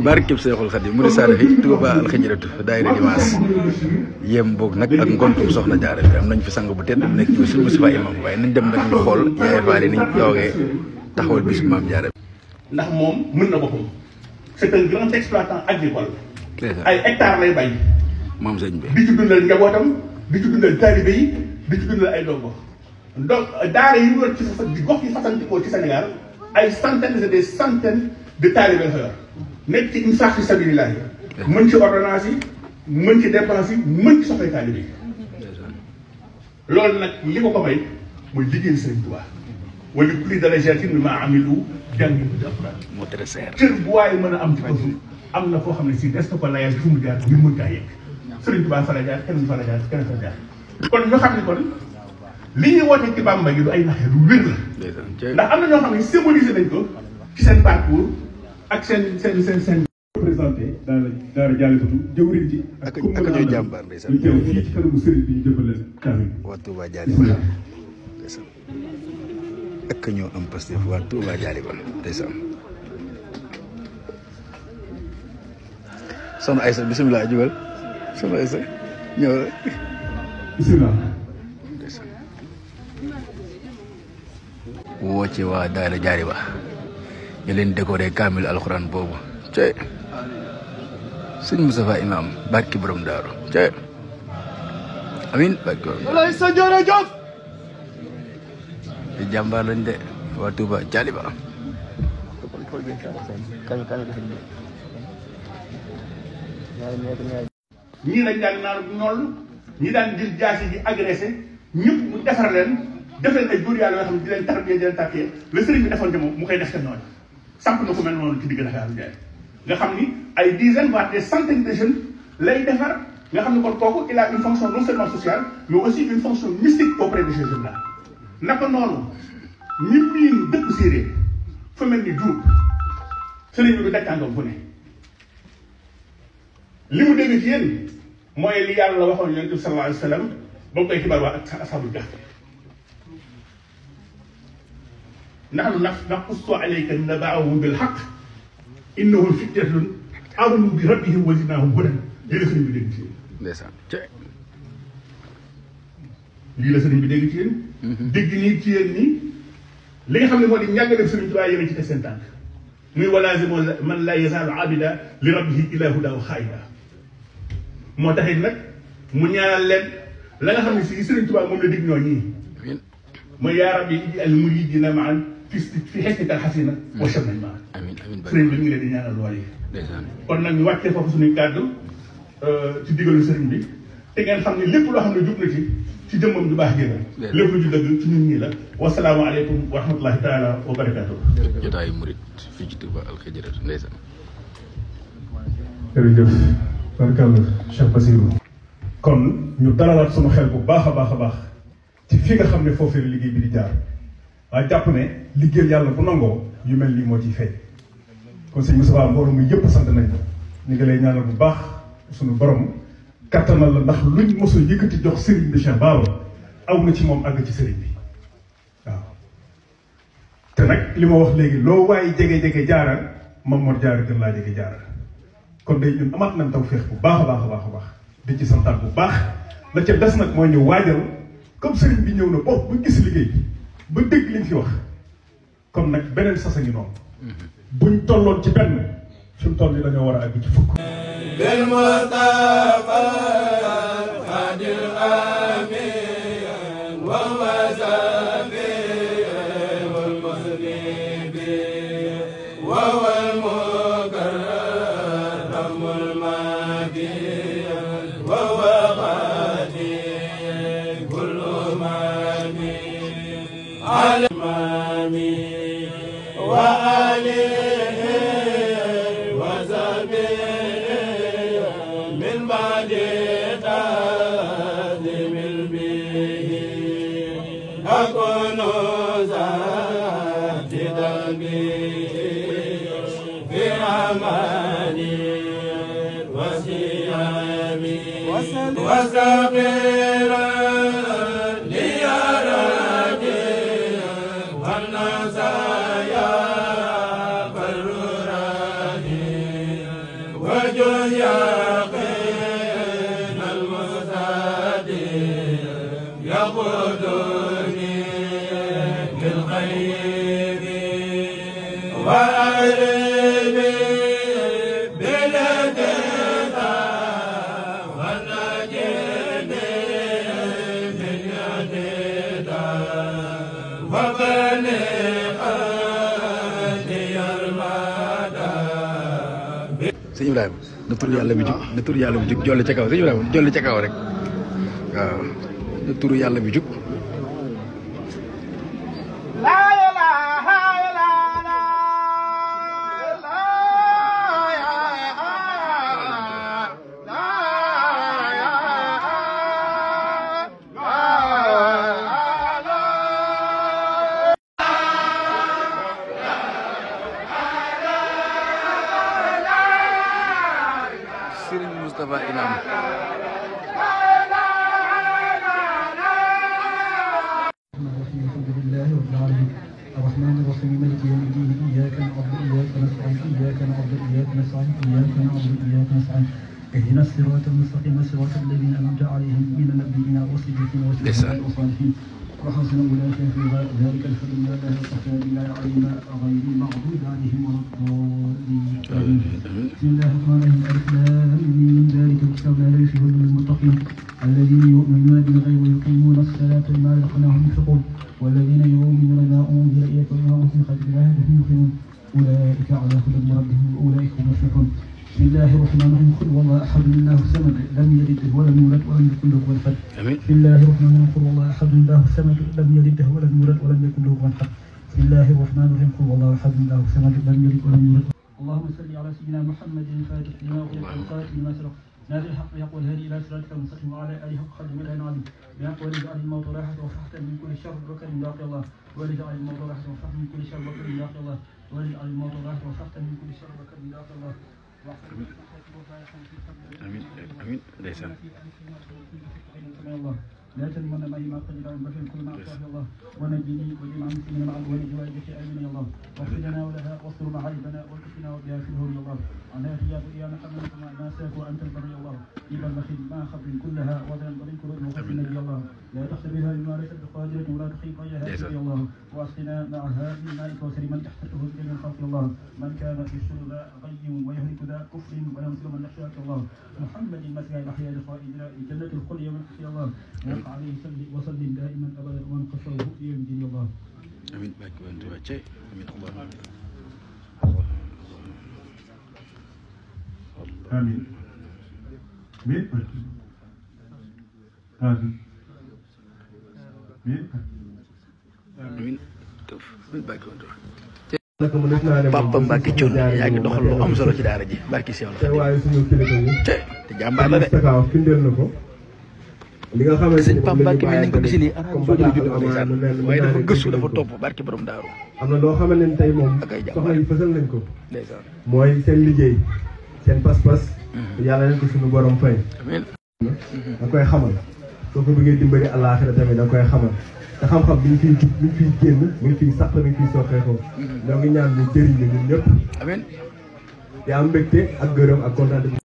barkib Seexul Xadim mu di saare fi Touba alxijratu daayira dimanche yéem boog nag ak ngontum soxna jaare fi am nañ fi sang bu te nekk ci suñu Mustafaa waaye nañ dem nag ñu xool yaay faal yi niñ toogee taxawal bis maam jaare ndax moom mën na boppam c'est un grand exploitant agricole ay hectare lay bay moom sëñ bi di ci dundal njabootam di ci dundal taalibe yi di ci dundal ay dongo donc daara yi wër ci di gox yi fasantikoo ci Sénégal ay centaines et des de taalibe fa nekk ci sax fi sabilillah mën ci ordonnance mën ci dépense mën ci soxla taalibe bi lool nak li ko ko may moy liggéey serigne touba wala plus darajatin bi ma amilu jàng bi dafa mo tresser seer cër bu am ci kaw am na foo xam ne si des na ko layal fu mu jaar ñu mën kaa yegg sëriñ Tuubaa fa la jaar kenn fa la jaar kenn fa jaar kon ñu xamni kon li ñi woote ci bamba gi du ay naxé du wér la ndax am na ñoo xamni symboliser nañ ko ci seen parcours ak seen seen seen seen représenté daara daara jaale butu jëwriñ ak ñooy jàmbaar ndeysaan ñu teew fii ci kanamu sëriñ bi ñu jëfal leen ak ñoo am Pastef waa Touba jaali ba ndeysaan soxna Aysa bisimilah jugal soxna Aysa ñëw bisimilah woo ci waa daara jaali ba ñu leen décoré kaamil alxuraan boobu cey sëñ Moustapha Imaam barki borom daaru cey amin barki borom daaru walaay sa lañ de waa ñii lañ daan naar ñoll ñi daan gis jaasi ji agressé ñëpp mu defar leen def leen ay góor yàlla yoo tarbiya di leen la sëriñ bi defoon te mu koy def te noonu samp na ko mel noonu ci digg Dakar nga xam ni ay dizaines voire des centaines de jeunes lay defar nga xam ne kon kooku il a une fonction non seulement sociale mais aussi une fonction mystique auprès de ces jeunes là. naka noonu ñi miin dëkk séeréer fa mel ni Diouroup sëriñ bi du dajtàngam fu ne li mu dégg ci yéen mooy li yàlla waxoon yonent bi sallallahu alayhi wa sallam ba mu koy xibaar waa ashabul kahf نحن نقص عليك نبعه بالحق إنه فتنة أرم بربهم وزناهم هدى يلسن بدنتين نسان يلسن بدنتين دقني تين لي خمني مولي نيانجل في سنطلع يمي تي سنطاك مي ولازم من لا يزال عابدا لربه إلا هدى وخايدا موتاهين لك مونيا لن لا خمني سنطلع مولي دقنوني ما يا ربي المريدين معاً fi fi xekkital xasina wasam nañ ma sëriñ bi ñu ngi leen di ñaanal lool yi kon nag ñu wàccee foofu suñuy kàddu ci digalu sëriñ bi te ngeen xam ne lépp loo xam ne jub ci ci jëmmam ju baax gi la lépp lu ju dëgg ci ñun ñii la wasalaamu aleykum wa rahmatullahi taala wa barakaatu jotaayu murit fii ci Tuuba Alxijra ndeysaan jërëjëf barkalla Cheikh Basirou kon ñu dalalaat sama xel bu baax a baax a baax ci fi nga xam ne foofee liggéey bi di jaar waaye jàpp ne liggéeyal yàlla bu nangoo yu mel nii moo ciy feeñ kon sëñ Moustapha mbooloo mi yëpp sant nañ ñu ngi lay ñaanal bu baax suñu borom kattanal la ndax luñ mos a yëkkati jox sëriñ bi Cheikh Baba aw na ci moom àgg ci sëriñ bi waaw. te nag li ma wax léegi loo waaye jege jege jaaral moom moo jaar gën laa jege jaaral kon day ñun amaat nañ tawféex bu baax a baax a baax a baax di ci santaat bu baax la ca des nag mooy ñu waajal comme sëriñ bi ñëw na bopp bu gis liggéey bi. ba dégg liñ fi wax kon nag beneen sasa ngi noonu buñ tolloon ci benn suñ toll yi dañoo war a àgg ci fukk على الإمام وآله وزبيه من بعد قادم البيه أكون زاهدا دمي في رماني وسيامي وسبيلا sëñ Ibrahima na tur yàlla bi jug na tur yàlla bi jug jolle ca kaw sëñ Ibrahima jolle ca kaw rek waaw na tur yàlla jug مصطفى إمام الرحمن الرحيم يوم الدين إياك نعبد إياك نعبد إياك نعبد اهدنا الصراط المستقيم صراط الذين أنعمت عليهم من النبيين والصديقين والصالحين وحسن أولئك في ذلك الفضل لا إله إلا الله علينا غير المغضوب عليهم ولا الضالين بسم الله الرحمن الرحيم ربك الذين يؤمنون بالغيب ويقيمون الصلاة وما رزقناهم ينفقون والذين يؤمنون بما أنزل إليك وما أنزل قبل الله هم يؤمنون أولئك على هدى من ربهم وأولئك هم المفلحون بسم الله الرحمن الرحيم قل والله أحد الله الصمد لم يلد ولم يولد ولم يكن له كفوا أحد بسم الله الرحمن الرحيم قل والله أحد الله الصمد لم يلد ولم يولد ولم يكن له كفوا أحد بسم الله الرحمن الرحيم قل والله أحد الله الصمد لم يلد ولم يولد اللهم صل على سيدنا محمد الفاتح لما أغلق القاتل لما سبق نادى الحق يقول هذه الى سلالة مستقيم وعلى اله حق خدم الله العظيم بحق ولد علي الموت راحة وفحت من كل شر وكر باقي الله ولد علي الموت راحة وفحت من كل شر وكر باقي الله ولد علي الموت راحة وفحت من كل شر وكر باقي الله امين امين ليس الله لا تلمن مهما قد لهم بشر كل ما أعطاه الله ونجني وجمع مسلمين مع الوهي جوائزك آمين يا الله واغفر لنا ولها واستر معايبنا والكفنا وبها كلهم يا الله عنها خياب إيانا حملتما ناساك وأنت البر يا الله إبا البخيل ما خبر كلها وذن بر كلهم وغفرنا يا الله لا تخسر بها بما ليست بقادرة ولا تخيب غيرها يا الله واسقنا معها من مائك وسر من تحته من خلق الله من كان في الشر ذا غي ويهلك ذا كفر ولا مسلم من نحشاك الله محمد المسيح الأحياء لقائدنا جنة الخلد من حشي الله Amin baik bantu Aceh. Amin Allah. Amin. Amin. Amin. Amin. Amin. Baik bantu. Pembagi cun yang dok lo om solo cidaraji, bagi siapa? Cek, jambat lah deh. li nga xamante ni ah, moom la ñu bàyyi ko gisee nii arab soo la judd ndeysaan waaye dafa gëstu dafa topp barke borom daaru am na loo xamante ni tey moom soxla yi fësal nañ ko ndeysaan mooy seen liggéey seen pas-pas mm-hmm. yàlla leen ko suñu borom fay mm-hmm. da koy xamal soo ko bëggee dimbali àllaaxira tamit da koy xamal te xam-xam bi ñu fiy jub bi ñu fiy génn mi ngi fiy sax mi ngi fiy soxeekoo mm-hmm. ñoo ngi ñaan ñu jëriñ ñun ñëpp amiin yaa am mbégte ak gërëm ak kontaan